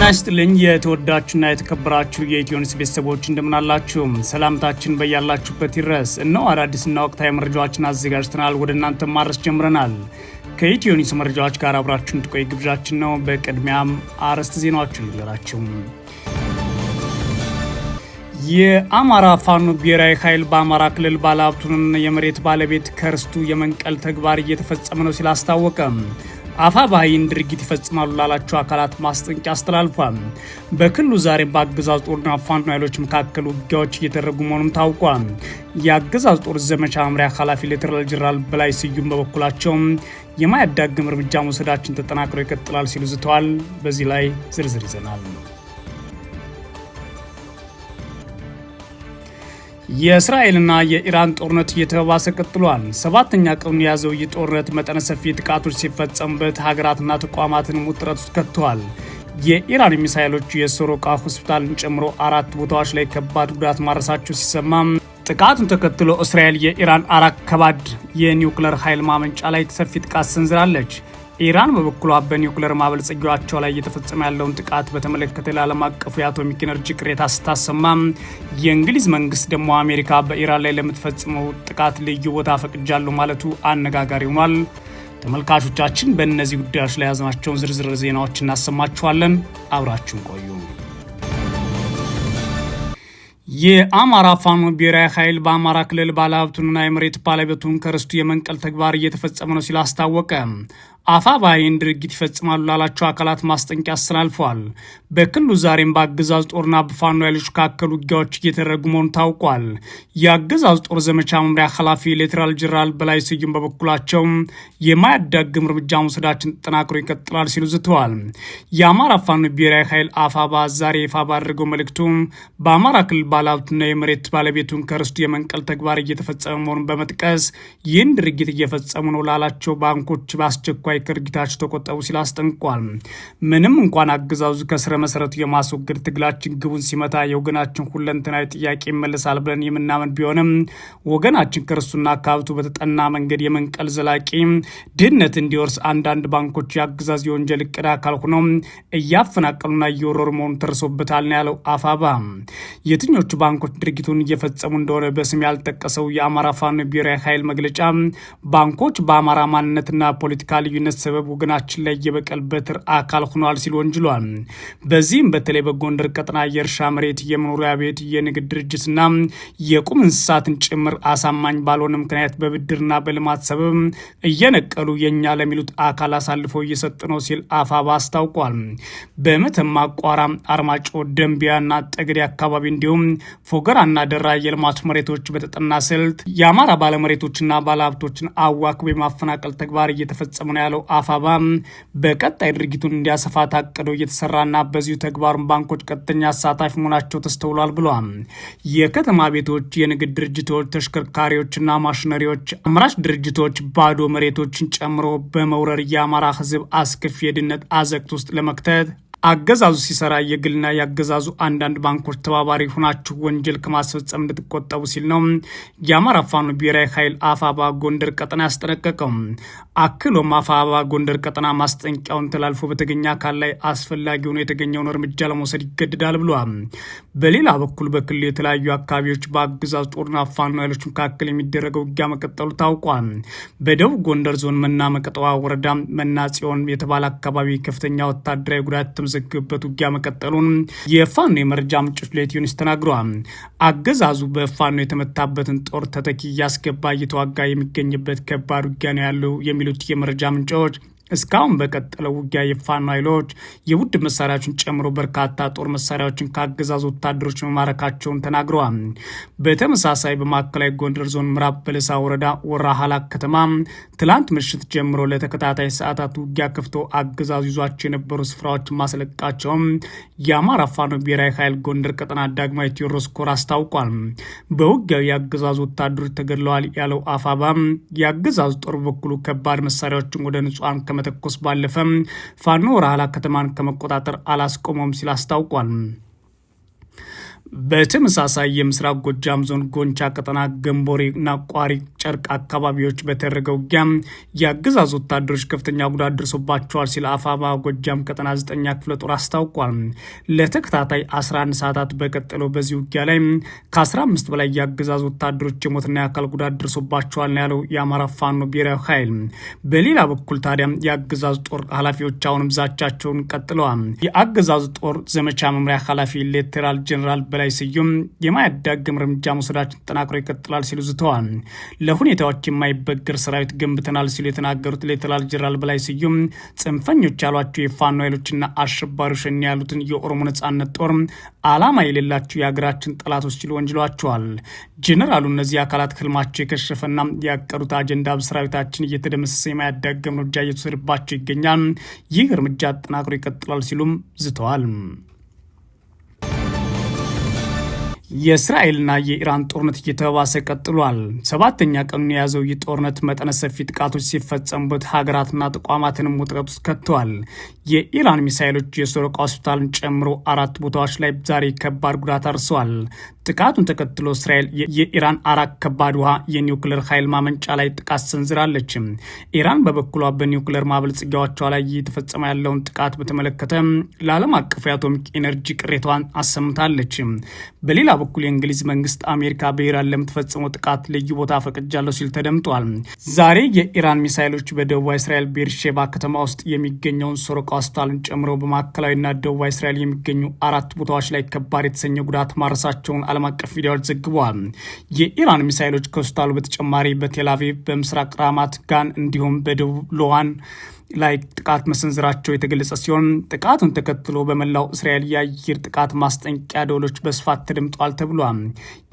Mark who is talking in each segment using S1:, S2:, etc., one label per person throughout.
S1: ጤና ይስጥልኝ የተወዳችሁና የተከበራችሁ የኢትዮኒስ ቤተሰቦች እንደምናላችሁ፣ ሰላምታችን በያላችሁበት ይድረስ። እነሆ አዳዲስና ወቅታዊ መረጃዎችን አዘጋጅተናል ወደ እናንተ ማድረስ ጀምረናል። ከኢትዮኒስ መረጃዎች ጋር አብራችሁን ትቆይ ግብዣችን ነው። በቅድሚያም አርዕስተ ዜናዎችን ንገራችሁ። የአማራ ፋኖ ብሔራዊ ኃይል በአማራ ክልል ባለሀብቱንና የመሬት ባለቤት ከርስቱ የመንቀል ተግባር እየተፈጸመ ነው ሲል አስታወቀም። አፋባይን ድርጊት ይፈጽማሉ ላላቸው አካላት ማስጠንቂያ አስተላልፏል። በክልሉ ዛሬም በአገዛዝ ጦርና ፋኖ ኃይሎች መካከል ውጊያዎች እየተደረጉ መሆኑም ታውቋል። የአገዛዝ ጦር ዘመቻ መምሪያ ኃላፊ ሌተናል ጀነራል በላይ ስዩም በበኩላቸው የማያዳግም እርምጃ መውሰዳችን ተጠናክሮ ይቀጥላል ሲሉ ዝተዋል። በዚህ ላይ ዝርዝር ይዘናል። የእስራኤልና የኢራን ጦርነት እየተባባሰ ቀጥሏል። ሰባተኛ ቀኑን የያዘው ይህ ጦርነት መጠነ ሰፊ ጥቃቶች ሲፈጸምበት ሀገራትና ተቋማትን ውጥረት ውስጥ ከጥተዋል። የኢራን ሚሳይሎቹ የሶሮቃ ሆስፒታልን ጨምሮ አራት ቦታዎች ላይ ከባድ ጉዳት ማድረሳቸው ሲሰማም ጥቃቱን ተከትሎ እስራኤል የኢራን አራት ከባድ የኒውክለር ኃይል ማመንጫ ላይ ሰፊ ጥቃት ሰንዝራለች። ኢራን በበኩሏ በኒውክሌር ማበልጸጊያቸው ላይ እየተፈጸመ ያለውን ጥቃት በተመለከተ ለዓለም አቀፉ የአቶሚክ ኤነርጂ ቅሬታ ስታሰማ፣ የእንግሊዝ መንግስት ደግሞ አሜሪካ በኢራን ላይ ለምትፈጽመው ጥቃት ልዩ ቦታ ፈቅጃለሁ ማለቱ አነጋጋሪ ሆኗል። ተመልካቾቻችን በእነዚህ ጉዳዮች ላይ ያዝናቸውን ዝርዝር ዜናዎች እናሰማችኋለን። አብራችሁን ቆዩ። የአማራ ፋኖ ብሔራዊ ኃይል በአማራ ክልል ባለሀብቱንና የመሬት ባለቤቱን ከርስቱ የመንቀል ተግባር እየተፈጸመ ነው ሲል አስታወቀ። አፋባ ይህን ድርጊት ይፈጽማሉ ላላቸው አካላት ማስጠንቂያ አስተላልፈዋል። በክልሉ ዛሬም በአገዛዝ ጦርና በፋኖ ኃይሎች መካከል ውጊያዎች እየተደረጉ መሆኑ ታውቋል። የአገዛዝ ጦር ዘመቻ መምሪያ ኃላፊ ሌተናል ጄኔራል በላይ ስዩም በበኩላቸው የማያዳግም እርምጃ መውሰዳችን ተጠናክሮ ይቀጥላል ሲሉ ዝተዋል። የአማራ ፋኖ ብሔራዊ ኃይል አፋባ ዛሬ ይፋ ባደረገው መልእክቱ በአማራ ክልል ባለሀብቱና የመሬት ባለቤቱን ከርስቱ የመንቀል ተግባር እየተፈጸመ መሆኑን በመጥቀስ ይህን ድርጊት እየፈጸሙ ነው ላላቸው ባንኮች በአስቸኳይ ከድርጊታቸው ተቆጠቡ ሲል አስጠንቅቋል። ምንም እንኳን አገዛዙ ከስረ መሰረቱ የማስወገድ ትግላችን ግቡን ሲመታ የወገናችን ሁለንተናዊ ጥያቄ ይመለሳል ብለን የምናምን ቢሆንም ወገናችን ከርሱና ከሀብቱ በተጠና መንገድ የመንቀል ዘላቂ ድህነት እንዲወርስ አንዳንድ ባንኮች የአገዛዝ የወንጀል እቅድ አካል ሆነው እያፈናቀሉና እየወረሩ መሆኑ ተርሶበታል ነው ያለው አፋባ። የትኞቹ ባንኮች ድርጊቱን እየፈጸሙ እንደሆነ በስም ያልጠቀሰው የአማራ ፋኖ ብሔራዊ ኃይል መግለጫ ባንኮች በአማራ ማንነትና ፖለቲካ ልዩ ልዩነት ሰበብ ወገናችን ላይ የበቀል በትር አካል ሆኗል ሲል ወንጅሏል። በዚህም በተለይ በጎንደር ቀጠና የእርሻ መሬት፣ የመኖሪያ ቤት፣ የንግድ ድርጅትና የቁም እንስሳትን ጭምር አሳማኝ ባልሆነ ምክንያት በብድርና በልማት ሰበብ እየነቀሉ የእኛ ለሚሉት አካል አሳልፈው እየሰጥ ነው ሲል አፋባ አስታውቋል። በመተማ ቋራ፣ አርማጮ፣ ደንቢያና ጠገዴ አካባቢ እንዲሁም ፎገራና ደራ የልማት መሬቶች በተጠና ስልት የአማራ ባለመሬቶችና ባለሀብቶችን አዋክቦ የማፈናቀል ተግባር እየተፈጸመ ነው ያለው አፋባ በቀጣይ ድርጊቱን እንዲያሰፋ ታቅደው እየተሰራና በዚሁ ተግባሩን ባንኮች ቀጥተኛ አሳታፊ መሆናቸው ተስተውሏል ብሏል። የከተማ ቤቶች፣ የንግድ ድርጅቶች፣ ተሽከርካሪዎችና ማሽነሪዎች አምራች ድርጅቶች ባዶ መሬቶችን ጨምሮ በመውረር የአማራ ህዝብ አስከፊ የድህነት አዘቅት ውስጥ ለመክተት አገዛዙ ሲሰራ የግልና የአገዛዙ አንዳንድ ባንኮች ተባባሪ ሆናችሁ ወንጀል ከማስፈጸም እንድትቆጠቡ ሲል ነው የአማራ ፋኖ ብሔራዊ ኃይል አፋባ ጎንደር ቀጠና ያስጠነቀቀው። አክሎም አፋባ ጎንደር ቀጠና ማስጠንቂያውን ተላልፎ በተገኘ አካል ላይ አስፈላጊ ሆኖ የተገኘውን እርምጃ ለመውሰድ ይገድዳል ብሏል። በሌላ በኩል በክልል የተለያዩ አካባቢዎች በአገዛዙ ጦርና ፋኖ ኃይሎች መካከል የሚደረገው ውጊያ መቀጠሉ ታውቋል። በደቡብ ጎንደር ዞን መና መቀጠዋ ወረዳ መና ጽዮን የተባለ አካባቢ ከፍተኛ ወታደራዊ ጉዳት በተመዘገበበት ውጊያ መቀጠሉን የፋኖ የመረጃ ምንጮች ለኢትዮኒስ ተናግረዋል። አገዛዙ በፋኖ የተመታበትን ጦር ተተኪ እያስገባ እየተዋጋ የሚገኝበት ከባድ ውጊያ ነው ያለው የሚሉት የመረጃ ምንጮች እስካሁን በቀጠለው ውጊያ የፋኖ ኃይሎች የውድ መሳሪያዎችን ጨምሮ በርካታ ጦር መሳሪያዎችን ከአገዛዙ ወታደሮች መማረካቸውን ተናግረዋል። በተመሳሳይ በማዕከላዊ ጎንደር ዞን ምዕራብ በለሳ ወረዳ ወራ ሀላ ከተማ ትላንት ምሽት ጀምሮ ለተከታታይ ሰዓታት ውጊያ ከፍቶ አገዛዙ ይዟቸው የነበሩ ስፍራዎች ማስለቀቃቸውም የአማራ ፋኖ ብሔራዊ ኃይል ጎንደር ቀጠና ዳግማዊ ቴዎድሮስ ኮር አስታውቋል። በውጊያው የአገዛዙ ወታደሮች ተገድለዋል ያለው አፋባ የአገዛዙ ጦር በኩሉ ከባድ መሳሪያዎችን ወደ ንጹሐን ከመተኮስ ባለፈ ፋኖ ራህላ ከተማን ከመቆጣጠር አላስቆመም ሲል አስታውቋል። በተመሳሳይ የምስራቅ ጎጃም ዞን ጎንቻ ቀጠና ገንቦሬና ቋሪ ጨርቅ አካባቢዎች በተደረገው ውጊያ የአገዛዙ ወታደሮች ከፍተኛ ጉዳት ደርሶባቸዋል ሲል አፋባ ጎጃም ቀጠና ዘጠኛ ክፍለ ጦር አስታውቋል። ለተከታታይ 11 ሰዓታት በቀጠለው በዚህ ውጊያ ላይ ከ15 በላይ የአገዛዙ ወታደሮች የሞትና የአካል ጉዳት ደርሶባቸዋል ነው ያለው የአማራ ፋኖ ብሔራዊ ኃይል። በሌላ በኩል ታዲያ የአገዛዙ ጦር ኃላፊዎች አሁንም ዛቻቸውን ቀጥለዋል። የአገዛዙ ጦር ዘመቻ መምሪያ ኃላፊ ሌተናል ጄኔራል በላይ ስዩም የማያዳግም እርምጃ መውሰዳችን ተጠናክሮ ይቀጥላል ሲሉ ዝተዋል። ለሁኔታዎች የማይበገር ሰራዊት ገንብተናል ሲሉ የተናገሩት ሌተናል ጀራል በላይ ስዩም ጽንፈኞች ያሏቸው የፋኖ ኃይሎችና አሸባሪ ሸኔ ያሉትን የኦሮሞ ነጻነት ጦር አላማ የሌላቸው የሀገራችን ጠላቶች ሲሉ ወንጅሏቸዋል። ጀነራሉ እነዚህ አካላት ህልማቸው የከሸፈና ያቀዱት አጀንዳ በሰራዊታችን እየተደመሰሰ የማያዳግም እርምጃ እየተወሰደባቸው ይገኛል። ይህ እርምጃ አጠናክሮ ይቀጥላል ሲሉም ዝተዋል። የእስራኤልና የኢራን ጦርነት እየተባባሰ ቀጥሏል። ሰባተኛ ቀኑን የያዘው ይህ ጦርነት መጠነ ሰፊ ጥቃቶች ሲፈጸሙበት ሀገራትና ተቋማትንም ውጥረት ውስጥ ከጥተዋል። የኢራን ሚሳይሎች የሶረቃ ሆስፒታልን ጨምሮ አራት ቦታዎች ላይ ዛሬ ከባድ ጉዳት አድርሰዋል። ጥቃቱን ተከትሎ እስራኤል የኢራን አራት ከባድ ውሃ የኒውክሌር ኃይል ማመንጫ ላይ ጥቃት ሰንዝራለች። ኢራን በበኩሏ በኒውክሌር ማበልጽጊያዎቿ ላይ እየተፈጸመ ያለውን ጥቃት በተመለከተ ለዓለም አቀፉ የአቶሚክ ኤነርጂ ቅሬታዋን አሰምታለች። በሌላ በኩል የእንግሊዝ መንግስት አሜሪካ በኢራን ለምትፈጽመው ጥቃት ልዩ ቦታ ፈቅጃለሁ ሲል ተደምጧል። ዛሬ የኢራን ሚሳይሎች በደቡብ እስራኤል ቤርሼባ ከተማ ውስጥ የሚገኘውን ሶሮቃ ሆስፒታልን ጨምሮ በማዕከላዊና ደቡብ እስራኤል የሚገኙ አራት ቦታዎች ላይ ከባድ የተሰኘ ጉዳት ማድረሳቸውን ዓለም አቀፍ ሚዲያዎች ዘግበዋል። የኢራን ሚሳይሎች ከሆስፒታሉ በተጨማሪ በቴላቪቭ በምስራቅ ራማት ጋን እንዲሁም በደቡብ ሎዋን ላይ ጥቃት መሰንዘራቸው የተገለጸ ሲሆን ጥቃቱን ተከትሎ በመላው እስራኤል የአየር ጥቃት ማስጠንቀቂያ ደወሎች በስፋት ተደምጧል ተብሏል።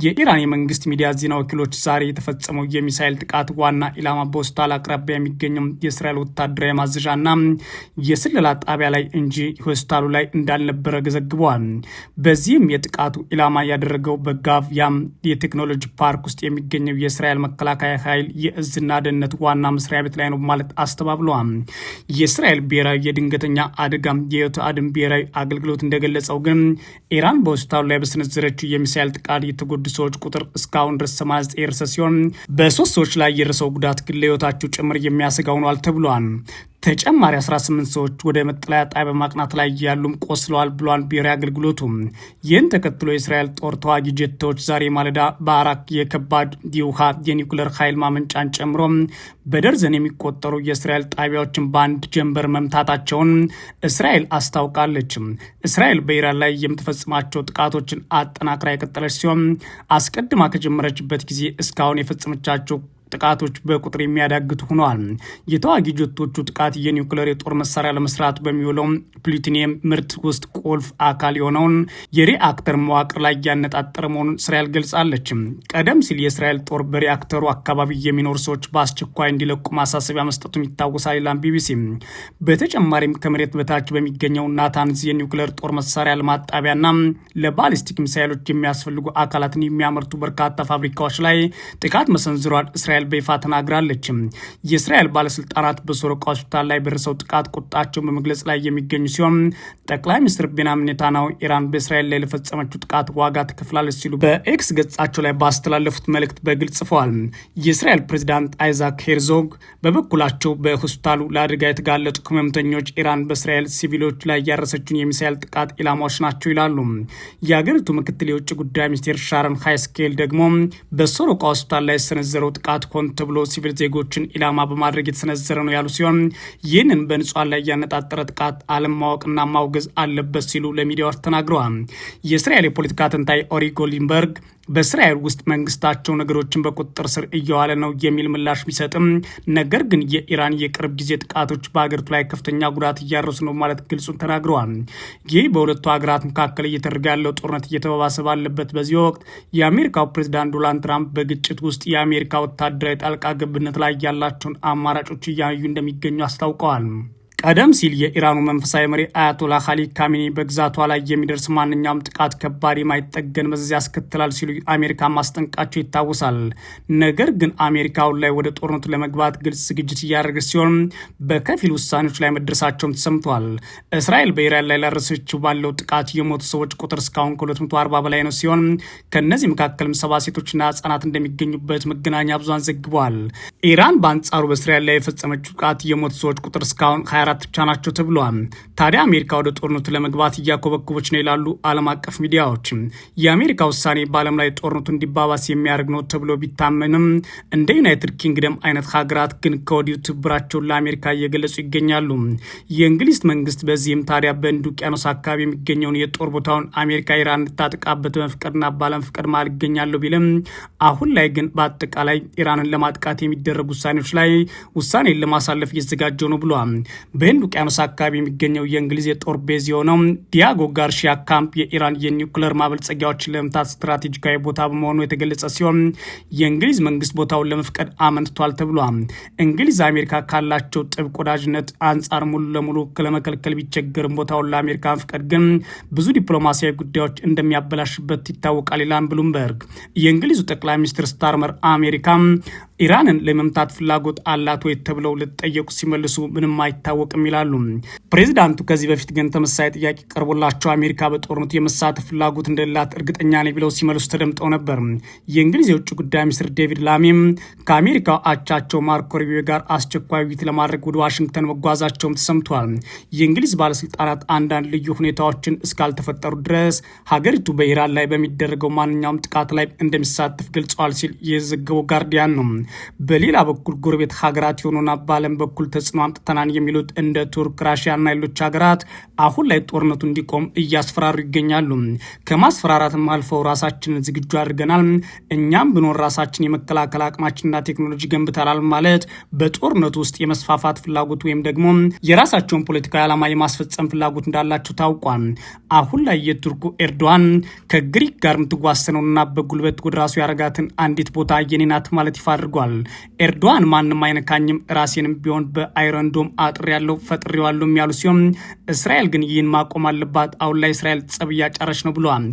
S1: የኢራን የመንግስት ሚዲያ ዜና ወኪሎች ዛሬ የተፈጸመው የሚሳኤል ጥቃት ዋና ኢላማ በሆስፒታል አቅራቢያ የሚገኘው የእስራኤል ወታደራዊ ማዘዣና የስለላ ጣቢያ ላይ እንጂ ሆስፒታሉ ላይ እንዳልነበረ ዘግበዋል። በዚህም የጥቃቱ ኢላማ ያደረገው በጋቪያም የቴክኖሎጂ ፓርክ ውስጥ የሚገኘው የእስራኤል መከላከያ ኃይል የእዝና ደህንነት ዋና መስሪያ ቤት ላይ ነው ማለት አስተባብለዋል። የእስራኤል ብሔራዊ የድንገተኛ አደጋ የህይወት አድን ብሔራዊ አገልግሎት እንደገለጸው ግን ኢራን በሆስፒታሉ ላይ በሰነዘረችው የሚሳይል ጥቃት የተጎዱ ሰዎች ቁጥር እስካሁን ድረስ 89 የደረሰ ሲሆን በሶስት ሰዎች ላይ የደረሰው ጉዳት ግን ለህይወታቸው ጭምር የሚያሰጋ ሆኗል ተብሏል። ተጨማሪ 18 ሰዎች ወደ መጠለያ ጣቢያ ማቅናት ላይ ያሉም ቆስለዋል ብሏል ብሔራዊ አገልግሎቱ። ይህን ተከትሎ የእስራኤል ጦር ተዋጊ ጀቶች ዛሬ ማለዳ በአራክ የከባድ የውሃ የኒውክለር ኃይል ማመንጫን ጨምሮ በደርዘን የሚቆጠሩ የእስራኤል ጣቢያዎችን በአንድ ጀንበር መምታታቸውን እስራኤል አስታውቃለች። እስራኤል በኢራን ላይ የምትፈጽማቸው ጥቃቶችን አጠናክራ የቀጠለች ሲሆን አስቀድማ ከጀመረችበት ጊዜ እስካሁን የፈጸመቻቸው ጥቃቶች በቁጥር የሚያዳግቱ ሆነዋል። የተዋጊ ጀቶቹ ጥቃት የኒውክሌር የጦር መሳሪያ ለመስራት በሚውለው ፕሉቲኒየም ምርት ውስጥ ቁልፍ አካል የሆነውን የሪአክተር መዋቅር ላይ ያነጣጠረ መሆኑን እስራኤል ገልጻለች። ቀደም ሲል የእስራኤል ጦር በሪአክተሩ አካባቢ የሚኖሩ ሰዎች በአስቸኳይ እንዲለቁ ማሳሰቢያ መስጠቱም ይታወሳል ይላል ቢቢሲ። በተጨማሪም ከመሬት በታች በሚገኘው ናታንዝ የኒውክሌር ጦር መሳሪያ ለማጣቢያና ለባሊስቲክ ሚሳይሎች የሚያስፈልጉ አካላትን የሚያመርቱ በርካታ ፋብሪካዎች ላይ ጥቃት መሰንዝሯል። እስራኤል በይፋ ተናግራለች የእስራኤል ባለስልጣናት በሶሮቃ ሆስፒታል ላይ በደረሰው ጥቃት ቁጣቸውን በመግለጽ ላይ የሚገኙ ሲሆን ጠቅላይ ሚኒስትር ቤንያሚን ኔታንያሁ ኢራን በእስራኤል ላይ ለፈጸመችው ጥቃት ዋጋ ትከፍላለች ሲሉ በኤክስ ገጻቸው ላይ ባስተላለፉት መልእክት በግልጽ ጽፈዋል። የእስራኤል ፕሬዚዳንት አይዛክ ሄርዞግ በበኩላቸው በሆስፒታሉ ለአደጋ የተጋለጡ ህመምተኞች ኢራን በእስራኤል ሲቪሎች ላይ ያረሰችውን የሚሳኤል ጥቃት ኢላማዎች ናቸው ይላሉ። የአገሪቱ ምክትል የውጭ ጉዳይ ሚኒስቴር ሻረን ሃይስኬል ደግሞ በሶሮቃ ሆስፒታል ላይ የሰነዘረው ጥቃት ሆን ተብሎ ሲቪል ዜጎችን ኢላማ በማድረግ የተሰነዘረ ነው ያሉ ሲሆን ይህንን በንጹሐን ላይ ያነጣጠረ ጥቃት ማወቅና ማውገዝ አለበት ሲሉ ለሚዲያዎች ተናግረዋል። የእስራኤል የፖለቲካ ተንታኝ ኦሪ ጎልድንበርግ በእስራኤል ውስጥ መንግስታቸው ነገሮችን በቁጥጥር ስር እየዋለ ነው የሚል ምላሽ ቢሰጥም ነገር ግን የኢራን የቅርብ ጊዜ ጥቃቶች በሀገሪቱ ላይ ከፍተኛ ጉዳት እያደረሱ ነው ማለት ግልጹን ተናግረዋል። ይህ በሁለቱ ሀገራት መካከል እየተደረገ ያለው ጦርነት እየተባባሰ ባለበት በዚህ ወቅት የአሜሪካው ፕሬዚዳንት ዶናልድ ትራምፕ በግጭት ውስጥ የአሜሪካ ወታደራዊ ጣልቃ ገብነት ላይ ያላቸውን አማራጮች እያዩ እንደሚገኙ አስታውቀዋል። ቀደም ሲል የኢራኑ መንፈሳዊ መሪ አያቶላ ካሊ ካሚኒ በግዛቷ ላይ የሚደርስ ማንኛውም ጥቃት ከባድ የማይጠገን መዘዝ ያስከትላል ሲሉ አሜሪካ ማስጠንቃቸው ይታወሳል። ነገር ግን አሜሪካ አሁን ላይ ወደ ጦርነቱ ለመግባት ግልጽ ዝግጅት እያደረገች ሲሆን በከፊል ውሳኔዎች ላይ መድረሳቸውም ተሰምተዋል። እስራኤል በኢራን ላይ ላደረሰችው ባለው ጥቃት የሞቱ ሰዎች ቁጥር እስካሁን ከ240 በላይ ነው ሲሆን ከእነዚህ መካከልም ሰባ ሴቶችና ህጻናት እንደሚገኙበት መገናኛ ብዙሃን ዘግበዋል። ኢራን በአንጻሩ በእስራኤል ላይ የፈጸመችው ጥቃት የሞቱ ሰዎች ቁጥር እስካሁን አራት ብቻ ናቸው ተብሏል። ታዲያ አሜሪካ ወደ ጦርነቱ ለመግባት እያኮበኮበች ነው ይላሉ ዓለም አቀፍ ሚዲያዎች። የአሜሪካ ውሳኔ በዓለም ላይ ጦርነቱ እንዲባባስ የሚያደርግ ነው ተብሎ ቢታመንም እንደ ዩናይትድ ኪንግደም አይነት ሀገራት ግን ከወዲሁ ትብብራቸውን ለአሜሪካ እየገለጹ ይገኛሉ። የእንግሊዝ መንግስት በዚህም ታዲያ በህንድ ውቅያኖስ አካባቢ የሚገኘውን የጦር ቦታውን አሜሪካ ኢራን እንድታጠቃበት በመፍቀድና ባለመፍቀድ ማል ይገኛለሁ ቢልም አሁን ላይ ግን በአጠቃላይ ኢራንን ለማጥቃት የሚደረጉ ውሳኔዎች ላይ ውሳኔን ለማሳለፍ እየተዘጋጀው ነው ብሏል። በህንድ ውቅያኖስ አካባቢ የሚገኘው የእንግሊዝ የጦር ቤዝ የሆነው ዲያጎ ጋርሺያ ካምፕ የኢራን የኒውክለር ማበልጸጊያዎችን ለመምታት ስትራቴጂካዊ ቦታ በመሆኑ የተገለጸ ሲሆን የእንግሊዝ መንግስት ቦታውን ለመፍቀድ አመንትቷል ተብሏል። እንግሊዝ አሜሪካ ካላቸው ጥብቅ ወዳጅነት አንጻር ሙሉ ለሙሉ ለመከልከል ቢቸገርም ቦታውን ለአሜሪካ መፍቀድ ግን ብዙ ዲፕሎማሲያዊ ጉዳዮች እንደሚያበላሽበት ይታወቃል ይላል ብሉምበርግ። የእንግሊዙ ጠቅላይ ሚኒስትር ስታርመር አሜሪካ ኢራንን ለመምታት ፍላጎት አላት ወይ ተብለው ልጠየቁ ሲመልሱ ምንም አይታወቅም ይላሉ። ፕሬዚዳንቱ ከዚህ በፊት ግን ተመሳሳይ ጥያቄ ቀርቦላቸው አሜሪካ በጦርነቱ የመሳተፍ ፍላጎት እንደሌላት እርግጠኛ ነኝ ብለው ሲመልሱ ተደምጠው ነበር። የእንግሊዝ የውጭ ጉዳይ ሚኒስትር ዴቪድ ላሜም ከአሜሪካ አቻቸው ማርኮ ሩቢዮ ጋር አስቸኳይ ውይይት ለማድረግ ወደ ዋሽንግተን መጓዛቸውም ተሰምቷል። የእንግሊዝ ባለስልጣናት አንዳንድ ልዩ ሁኔታዎችን እስካልተፈጠሩ ድረስ ሀገሪቱ በኢራን ላይ በሚደረገው ማንኛውም ጥቃት ላይ እንደሚሳተፍ ገልጸዋል ሲል የዘገበው ጋርዲያን ነው። በሌላ በኩል ጎረቤት ሀገራት የሆኑና በዓለም በኩል ተጽዕኖ አምጥተናን የሚሉት እንደ ቱርክ፣ ራሽያና ሌሎች ሀገራት አሁን ላይ ጦርነቱ እንዲቆም እያስፈራሩ ይገኛሉ። ከማስፈራራትም አልፈው ራሳችንን ዝግጁ አድርገናል፣ እኛም ብኖር ራሳችን የመከላከል አቅማችንና ቴክኖሎጂ ገንብተናል ማለት በጦርነቱ ውስጥ የመስፋፋት ፍላጎት ወይም ደግሞ የራሳቸውን ፖለቲካዊ ዓላማ የማስፈጸም ፍላጎት እንዳላቸው ታውቋል። አሁን ላይ የቱርኩ ኤርዶዋን ከግሪክ ጋር የምትዋሰነውና በጉልበት ወደ ራሱ ያረጋትን አንዲት ቦታ የኔ ናት ማለት ይፋ አድርጓል። አድርጓል። ኤርዶዋን ማንም አይነካኝም፣ ራሴንም ቢሆን በአይረንዶም አጥር ያለው ፈጥሬዋለሁም ያሉ ሲሆን እስራኤል ግን ይህን ማቆም አለባት፣ አሁን ላይ እስራኤል ጸብ እያጫረች ነው ብለዋል።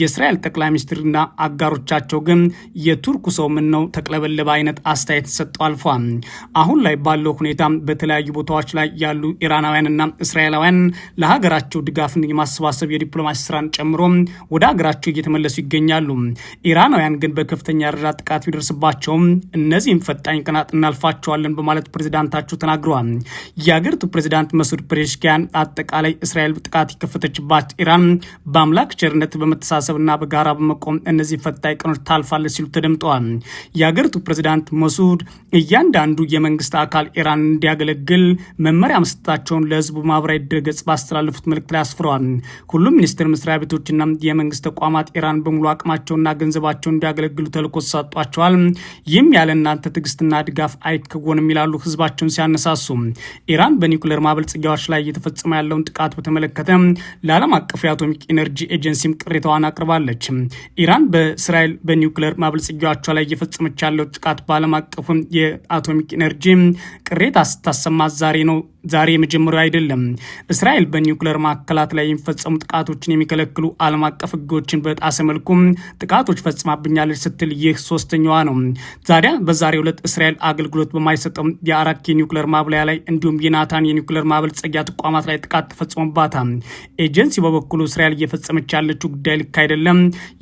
S1: የእስራኤል ጠቅላይ ሚኒስትርና አጋሮቻቸው ግን የቱርኩ ሰው ምን ነው ተቅለበለበ አይነት አስተያየት ሰጠው አልፏል። አሁን ላይ ባለው ሁኔታ በተለያዩ ቦታዎች ላይ ያሉ ኢራናውያንና እስራኤላውያን ለሀገራቸው ድጋፍን የማሰባሰብ የዲፕሎማሲ ስራን ጨምሮ ወደ ሀገራቸው እየተመለሱ ይገኛሉ። ኢራናውያን ግን በከፍተኛ ደረጃ ጥቃት ቢደርስባቸውም እነ እነዚህም ፈጣኝ ቅናት እናልፋቸዋለን በማለት ፕሬዚዳንታቸው ተናግረዋል። የአገሪቱ ፕሬዚዳንት መሱድ ፔሬሽኪያን አጠቃላይ እስራኤል ጥቃት የከፈተችባት ኢራን በአምላክ ቸርነት በመተሳሰብና በጋራ በመቆም እነዚህ ፈጣኝ ቀኖች ታልፋለች ሲሉ ተደምጠዋል። የአገሪቱ ፕሬዚዳንት መሱድ እያንዳንዱ የመንግስት አካል ኢራን እንዲያገለግል መመሪያ መስጠታቸውን ለህዝቡ ማህበራዊ ድረገጽ ባስተላለፉት መልእክት ላይ አስፍረዋል። ሁሉም ሚኒስቴር መስሪያ ቤቶችና የመንግስት ተቋማት ኢራን በሙሉ አቅማቸውና ገንዘባቸው እንዲያገለግሉ ተልእኮ ተሰጧቸዋል። ይህም ያለን እናንተ ትዕግስትና ድጋፍ አይከወንም ይላሉ ህዝባቸውን ሲያነሳሱ። ኢራን በኒውክሌር ማበልጸጊያዎች ላይ እየተፈጸመ ያለውን ጥቃት በተመለከተ ለዓለም አቀፉ የአቶሚክ ኤነርጂ ኤጀንሲም ቅሬታዋን አቅርባለች። ኢራን በእስራኤል በኒውክሌር ማበልጸጊያዎቿ ላይ እየፈጸመች ያለው ጥቃት በዓለም አቀፉ የአቶሚክ ኤነርጂ ቅሬታ ስታሰማ ዛሬ ነው ዛሬ የመጀመሪያው አይደለም። እስራኤል በኒውክሌር ማዕከላት ላይ የሚፈጸሙ ጥቃቶችን የሚከለክሉ ዓለም አቀፍ ህጎችን በጣሰ መልኩ ጥቃቶች ፈጽማብኛለች ስትል ይህ ሶስተኛዋ ነው። ታዲያ በዛሬው ዕለት እስራኤል አገልግሎት በማይሰጠው የአራክ የኒውክሌር ማብለያ ላይ እንዲሁም የናታን የኒውክሌር ማበልጸጊያ ተቋማት ላይ ጥቃት ተፈጽሞባታል። ኤጀንሲ በበኩሉ እስራኤል እየፈጸመች ያለችው ጉዳይ ልክ አይደለም፣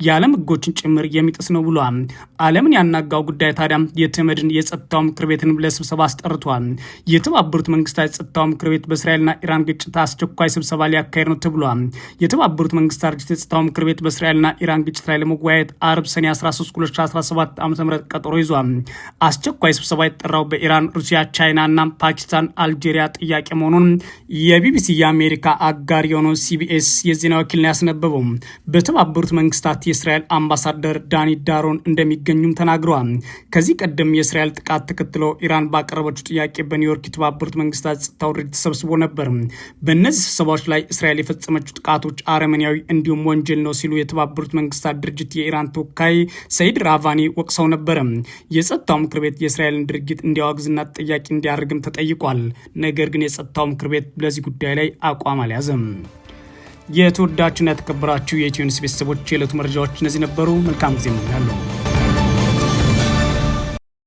S1: የዓለም ህጎችን ጭምር የሚጥስ ነው ብሏል። ዓለምን ያናጋው ጉዳይ ታዲያ የተመድን የጸጥታው ምክር ቤትን ለስብሰባ አስጠርቷል። የተባበሩት መንግስታት የጸጥታው ምክር ቤት በእስራኤልና ኢራን ግጭት አስቸኳይ ስብሰባ ሊያካሄድ ነው ተብሏል። የተባበሩት መንግስታት ድርጅት የጸጥታው ምክር ቤት በእስራኤልና ኢራን ግጭት ላይ ለመወያየት አርብ ሰኔ 13 2017 ዓ ም ቀጠሮ ይዟል። አስቸኳይ ስብሰባ የተጠራው በኢራን፣ ሩሲያ፣ ቻይናና ፓኪስታን፣ አልጄሪያ ጥያቄ መሆኑን የቢቢሲ የአሜሪካ አጋር የሆነው ሲቢኤስ የዜና ወኪል ነው ያስነበበው። በተባበሩት መንግስታት የእስራኤል አምባሳደር ዳኒ ዳሮን እንደሚገኙም ተናግረዋል። ከዚህ ቀደም የእስራኤል ጥቃት ተከትሎ ኢራን ባቀረበችው ጥያቄ በኒውዮርክ የተባበሩት መንግስታት ጸጥታ ድርጅት ተሰብስቦ ነበር። በእነዚህ ስብሰባዎች ላይ እስራኤል የፈጸመችው ጥቃቶች አረመኔያዊ እንዲሁም ወንጀል ነው ሲሉ የተባበሩት መንግስታት ድርጅት የኢራን ተወካይ ሰይድ ራቫኒ ወቅሰው ነበር። የጸጥታው ምክር ቤት የእስራኤልን ድርጊት እንዲያወግዝና ተጠያቂ እንዲያደርግም ተጠይቋል። ነገር ግን የጸጥታው ምክር ቤት በዚህ ጉዳይ ላይ አቋም አልያዘም። የተወዳችሁና የተከበራችሁ የኢትዮኒውስ ቤተሰቦች የዕለቱ መረጃዎች እነዚህ ነበሩ። መልካም ጊዜ እመኛለሁ።